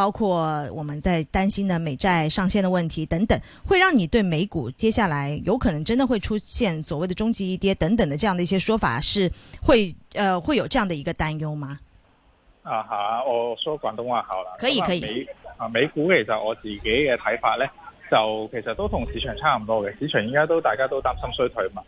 包括我們在擔心的美債上限的問題等等，會讓你對美股接下來有可能真的會出現所謂的終極一跌等等的這樣的一些說法，是會，呃，會有這樣的一個擔憂嗎？啊，吓，我說廣東話好了。可以、嗯、可以。啊，美股其實我自己嘅睇法呢，就其實都同市場差唔多嘅。市場應家都大家都擔心衰退嘛，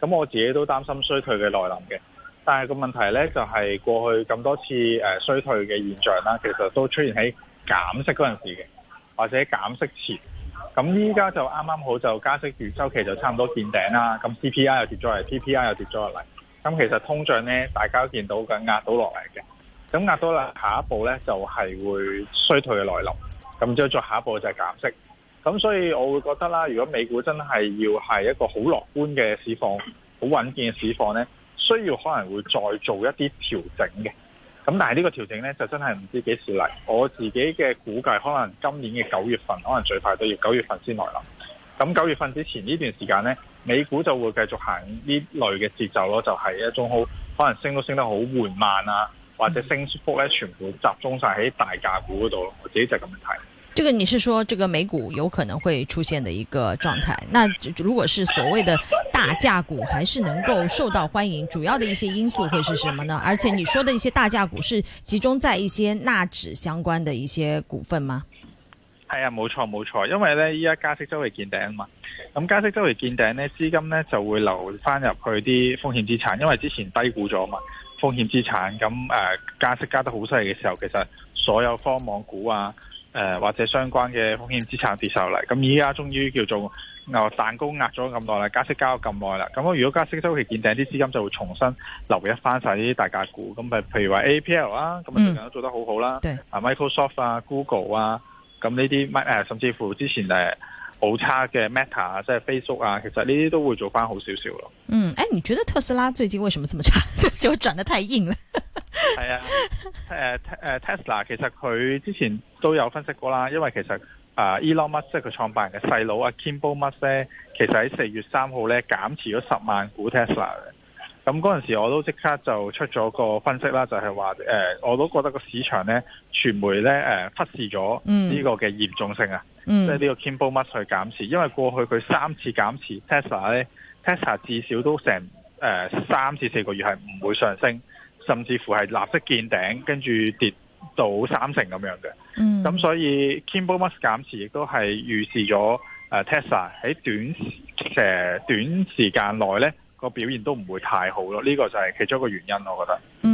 咁我自己都擔心衰退嘅來臨嘅。但係個問題呢就係、是、過去咁多次誒衰退嘅現象啦，其實都出現喺。減息嗰陣時嘅，或者減息前，咁依家就啱啱好就加息週期就差唔多見頂啦。咁 CPI 又跌咗落嚟，PPI 又跌咗落嚟。咁其實通脹咧，大家都見到嘅壓到落嚟嘅。咁壓到落嚟，下一步咧就係、是、會衰退嘅來臨。咁之後再下一步就係減息。咁所以我會覺得啦，如果美股真係要係一個好樂觀嘅市況，好穩健嘅市況咧，需要可能會再做一啲調整嘅。咁但係呢個調整呢，就真係唔知幾時嚟，我自己嘅估計可能今年嘅九月份可能最快都要九月份先來啦。咁九月份之前呢段時間呢，美股就會繼續行呢類嘅節奏咯，就係一種好可能升都升得好緩慢啊，或者升幅呢全部集中晒喺大價股嗰度。我自己就咁睇。這個你是說這個美股有可能會出現的一個狀態？那如果是所謂的？大、啊、價股還是能夠受到歡迎，主要的一些因素會是什麼呢？而且你說的一些大價股是集中在一些納指相關的一些股份嗎？係啊，冇錯冇錯，因為咧依家加息週期見頂啊嘛，咁加息週期見頂呢，資金咧就會流翻入去啲風險資產，因為之前低估咗嘛，風險資產，咁誒、呃、加息加得好犀利嘅時候，其實所有科網股啊，誒、呃、或者相關嘅風險資產跌晒啦，咁依家終於叫做。蛋糕壓咗咁耐啦，加息交咗咁耐啦，咁如果加息週期見頂，啲資金就會重新流入翻晒呢啲大價股，咁咪譬如話 A P L 啊，咁最近都做得好好啦，啊、嗯、Microsoft 啊，Google 啊，咁呢啲甚至乎之前誒好差嘅 Meta、啊、即係 Facebook 啊，其實呢啲都會做翻好少少咯。嗯，誒、哎，你覺得特斯拉最近為什麼這麼差？就轉得太硬啦。係啊，Tesla 其實佢之前都有分析過啦，因為其實。啊，Elon Musk 即係佢創辦人嘅細佬啊，Kimbal Musk 咧，其實喺四月三號咧減持咗十萬股 Tesla 嘅。咁嗰陣時我都即刻就出咗個分析啦，就係話誒，我都覺得個市場咧，傳媒咧誒、呃、忽視咗呢個嘅嚴重性啊，即係呢個 Kimbal Musk 去減持，因為過去佢三次減持 Tesla 咧，Tesla 至少都成誒三至四個月係唔會上升，甚至乎係立即見頂，跟住跌。到三成咁樣嘅，咁、嗯、所以 Kimbal Musk 減持亦都係預示咗誒 Tesla 喺短時誒、呃，短時間內咧個表現都唔會太好咯，呢、這個就係其中一個原因，我覺得。嗯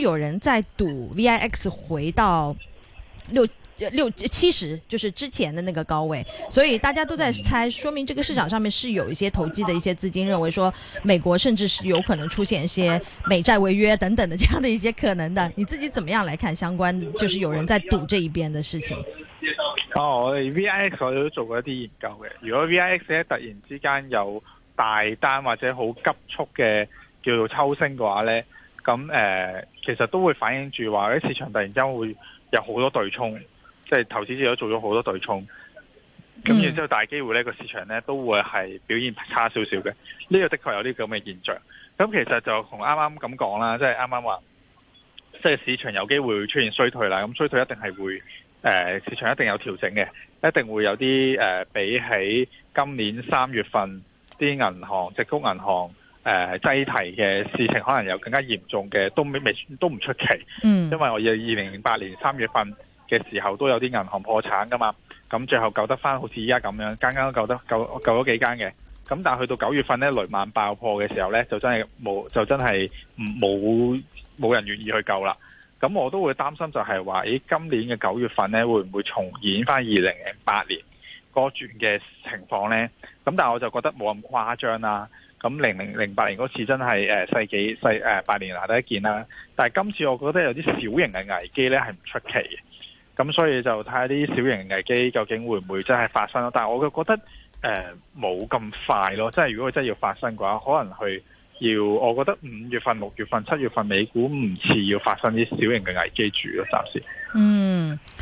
有人在賭 V I X 回到六六七十，就是之前的那個高位，所以大家都在猜，說明這個市場上面是有一些投機的一些資金，認為說美國甚至是有可能出現一些美債違約等等的這樣的一些可能的。你自己怎麼樣來看相關？就是有人在賭這一邊的事情。哦，我哋 V I X 我都做過一啲研究嘅。如果 V I X 突然之間有大單或者好急促嘅叫做抽升嘅話咧。咁誒、呃，其實都會反映住話市場突然間會有好多對沖，即、就、係、是、投資者都做咗好多對沖，咁、嗯、然之後大機會呢個市場咧都會係表現差少少嘅。呢、這個的確有啲咁嘅現象。咁其實就同啱啱咁講啦，即係啱啱話即係市場有機會出現衰退啦。咁衰退一定係會誒、呃、市場一定有調整嘅，一定會有啲誒、呃、比起今年三月份啲銀行、矽谷銀行。誒、呃，擠提嘅事情可能有更加嚴重嘅，都未未都唔出奇。嗯，因為我要二零零八年三月份嘅時候都有啲銀行破產噶嘛，咁最後救得翻，好似依家咁樣，間間都救得救救咗幾間嘅。咁但係去到九月份呢，雷曼爆破嘅時候呢，就真係冇，就真係冇冇人願意去救啦。咁我都會擔心就係話，今年嘅九月份呢，會唔會重演翻二零零八年嗰轉嘅情況呢？咁但係我就覺得冇咁誇張啦。咁零零零八年嗰次真係誒世紀世誒百、呃、年難得一件啦，但係今次我覺得有啲小型嘅危機咧係唔出奇嘅，咁所以就睇下啲小型嘅危機究竟會唔會真係發生咯？但係我覺得誒冇咁快咯，即係如果佢真係要發生嘅話，可能佢要我覺得五月份、六月份、七月份美股唔似要發生啲小型嘅危機住咯，暫時。嗯。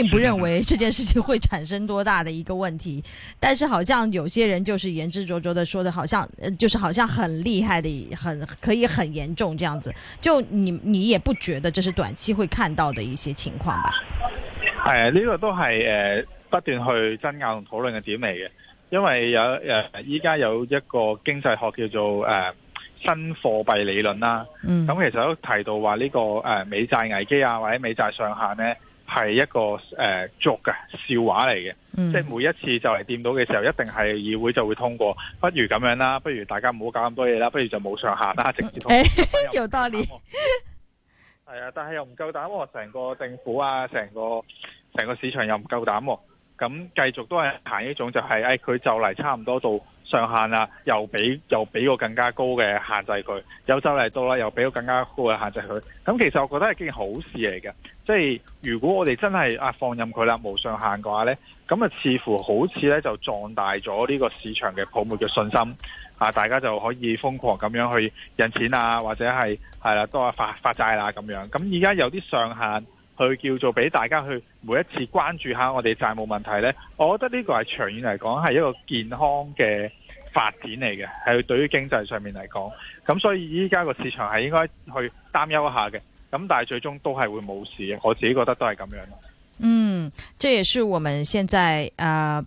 並不認為這件事情會產生多大的一個問題，但是好像有些人就是言之灼灼的說的，好像，就是好像很厲害的，很可以很嚴重這樣子。就你你也不覺得這是短期會看到的一些情況吧？係啊，呢、這個都係誒、呃、不斷去爭拗同討論嘅點嚟嘅，因為有誒依家有一個經濟學叫做誒、呃、新貨幣理論啦，咁、嗯嗯、其實都提到話呢、這個誒、呃、美債危機啊或者美債上限呢。係一個誒，作、呃、嘅笑話嚟嘅，嗯，即係每一次就嚟掂到嘅時候，一定係議會就會通過。不如咁樣啦，不如大家唔好搞咁多嘢啦，不如就冇上限啦，直接通過。有多年，係 啊敢、哦， 但係又唔夠膽，喎。成個政府啊，成個成個市場又唔夠膽。咁繼續都係行呢種就、哎，就係誒，佢就嚟差唔多到上限啦，又俾又俾個更加高嘅限制佢，又就嚟到啦，又俾個更加高嘅限制佢。咁其實我覺得係件好事嚟嘅，即、就、係、是、如果我哋真係啊放任佢啦無上限嘅話呢，咁啊似乎好似呢就壯大咗呢個市場嘅泡沫嘅信心啊，大家就可以瘋狂咁樣去印錢啊，或者係係啦都係發發債啦咁樣。咁而家有啲上限。去叫做俾大家去每一次關注下我哋債務問題咧，我覺得呢個係長遠嚟講，係一個健康嘅發展嚟嘅，係對於經濟上面嚟講，咁所以依家個市場係應該去擔憂一下嘅，咁但係最終都係會冇事嘅，我自己覺得都係咁樣咯。嗯，這也是我們現在啊。呃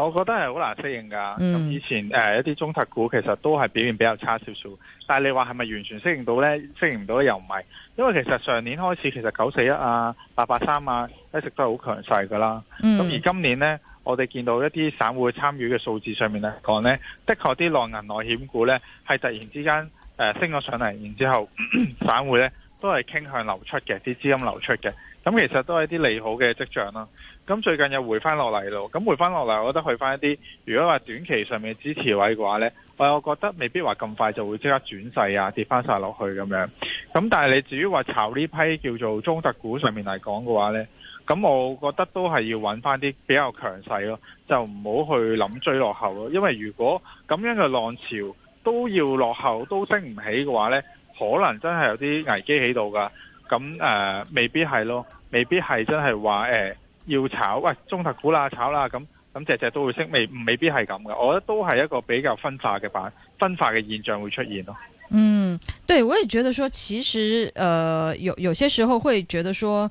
我覺得係好難適應㗎。咁、嗯、以前誒、呃、一啲中特股其實都係表現比較差少少，但係你話係咪完全適應到呢？適應唔到又唔係，因為其實上年開始其實九四一啊、八八三啊一直都係好強勢㗎啦。咁、嗯、而今年呢，我哋見到一啲散戶參與嘅數字上面呢，講呢的確啲內銀內險股呢係突然之間誒、呃、升咗上嚟，然之後咳咳散戶呢都係傾向流出嘅，啲資金流出嘅。咁其實都係一啲利好嘅跡象啦。咁最近又回翻落嚟咯。咁回翻落嚟，我覺得去翻一啲，如果話短期上面支持位嘅話呢，我覺得未必話咁快就會即刻轉勢啊，跌翻晒落去咁樣。咁但係你至於話炒呢批叫做中特股上面嚟講嘅話呢，咁我覺得都係要揾翻啲比較強勢咯，就唔好去諗追落後咯。因為如果咁樣嘅浪潮都要落後都升唔起嘅話呢，可能真係有啲危機喺度噶。咁誒，未必係咯，未必係真係話誒要炒，喂中特股啦，炒啦，咁咁隻隻都會升，未未必係咁嘅，我覺得都係一個比較分化嘅版，分化嘅現象會出現咯。嗯，對，我也覺得，說其實，誒、呃、有有些時候會覺得，說。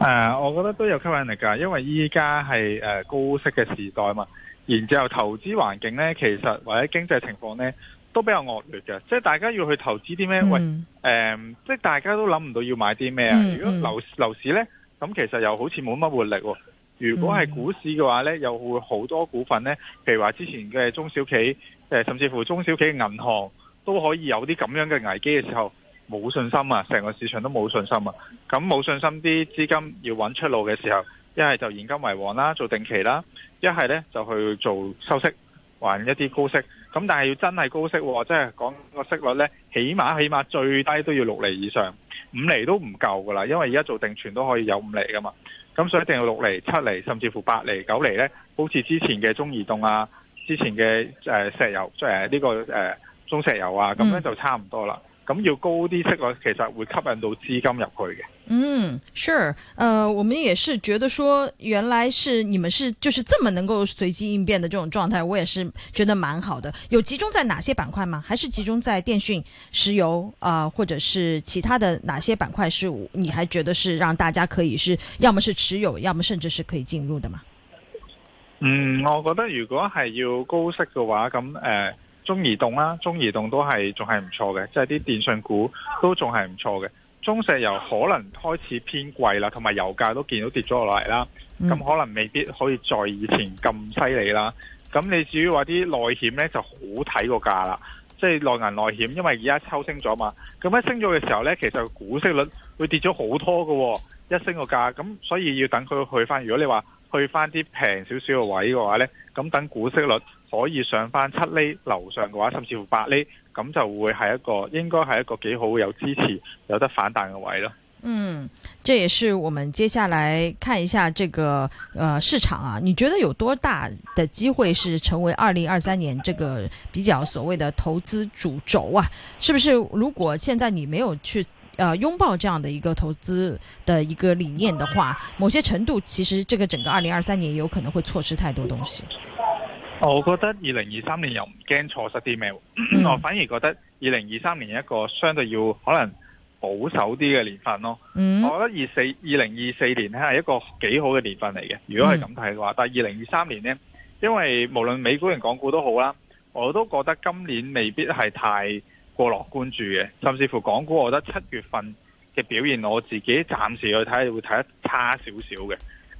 誒、啊，我覺得都有吸引力噶，因為依家係誒高息嘅時代嘛，然之後投資環境呢，其實或者經濟情況呢，都比較惡劣嘅，即係大家要去投資啲咩、嗯？喂，誒、呃，即係大家都諗唔到要買啲咩啊？如果樓樓市呢，咁其實又好似冇乜活力、喎。如果係股市嘅話呢，又會好多股份呢，譬如話之前嘅中小企，誒、呃，甚至乎中小企銀行都可以有啲咁樣嘅危機嘅時候。冇信心啊！成個市場都冇信心啊！咁冇信心啲資金要揾出路嘅時候，一係就現金為王啦，做定期啦；一係呢，就去做收息，還一啲高息。咁但係要真係高息、啊，即係講個息率呢，起碼起碼最低都要六厘以上，五厘都唔夠㗎啦。因為而家做定存都可以有五厘㗎嘛。咁所以一定要六厘、七厘，甚至乎八厘、九厘呢，好似之前嘅中移動啊，之前嘅石油，即係呢個、呃、中石油啊，咁樣就差唔多啦。嗯。咁要高啲息嘅，其實會吸引到資金入去嘅。嗯，sure，呃，我們也是覺得，說原來是你們是就是這麼能夠隨機應變的這種狀態，我也是覺得蠻好的。有集中在哪些板塊嗎？還是集中在電訊、石油啊，呃，或者是其他的哪些板塊是？你還覺得是讓大家可以是，要麼是持有，要麼甚至是可以進入的嗎？嗯，我覺得如果係要高息嘅話，咁誒。呃中移動啦、啊，中移動都係仲係唔錯嘅，即係啲電信股都仲係唔錯嘅。中石油可能開始偏貴啦，同埋油價都見到跌咗落嚟啦，咁可能未必可以再以前咁犀利啦。咁你至於話啲內險呢，就好睇個價啦，即係內銀內險，因為而家抽升咗嘛。咁一升咗嘅時候呢，其實股息率會跌咗好多嘅、哦，一升個價，咁所以要等佢去翻。如果你話，去翻啲平少少嘅位嘅話呢，咁等股息率可以上翻七厘樓上嘅話，甚至乎八厘，咁就會係一個應該係一個幾好有支持、有得反彈嘅位咯。嗯，這也是我們接下來看一下這個，呃，市場啊，你覺得有多大的機會是成為二零二三年這個比較所謂的投資主軸啊？是不是？如果現在你沒有去，呃，擁抱這樣的一個投資的一個理念的話，某些程度其實這個整個二零二三年有可能會錯失太多東西。我覺得二零二三年又唔驚錯失啲咩，嗯，我反而覺得二零二三年一個相對要可能保守啲嘅年份咯。嗯，我覺得二四二零二四年咧係一個幾好嘅年份嚟嘅，如果係咁睇嘅話，嗯，但係二零二三年呢，因為無論美股定港股都好啦，我都覺得今年未必係太。過樂觀注嘅。甚至乎港股，我覺得七月份嘅表現，我自己暫時去睇，會睇得差少少嘅。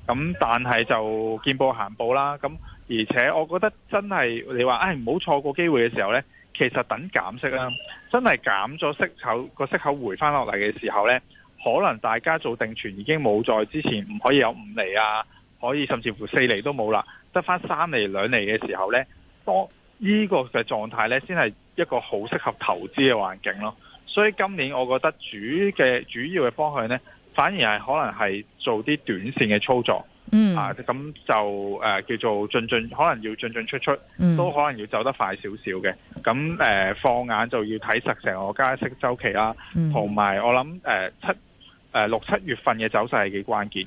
咁但係就見步行步啦。咁而且我覺得真係你話唉，唔好錯過機會嘅時候呢，其實等減息啦，真係減咗息口個息口回返落嚟嘅時候呢，可能大家做定存已經冇在之前，唔可以有五厘啊，可以甚至乎四厘都冇啦，得返三厘、兩厘嘅時候呢，當呢個嘅狀態呢先係，才是一個好適合投資嘅環境咯，所以今年我覺得主嘅主要嘅方向呢，反而係可能係做啲短線嘅操作，嗯、mm. 啊咁就誒、啊、叫做進進，可能要進進出出，mm. 都可能要走得快少少嘅。咁誒、啊、放眼就要睇實成個加息週期啦，同、啊、埋、mm. 我諗誒、啊、七誒、啊、六七月份嘅走勢係幾關鍵。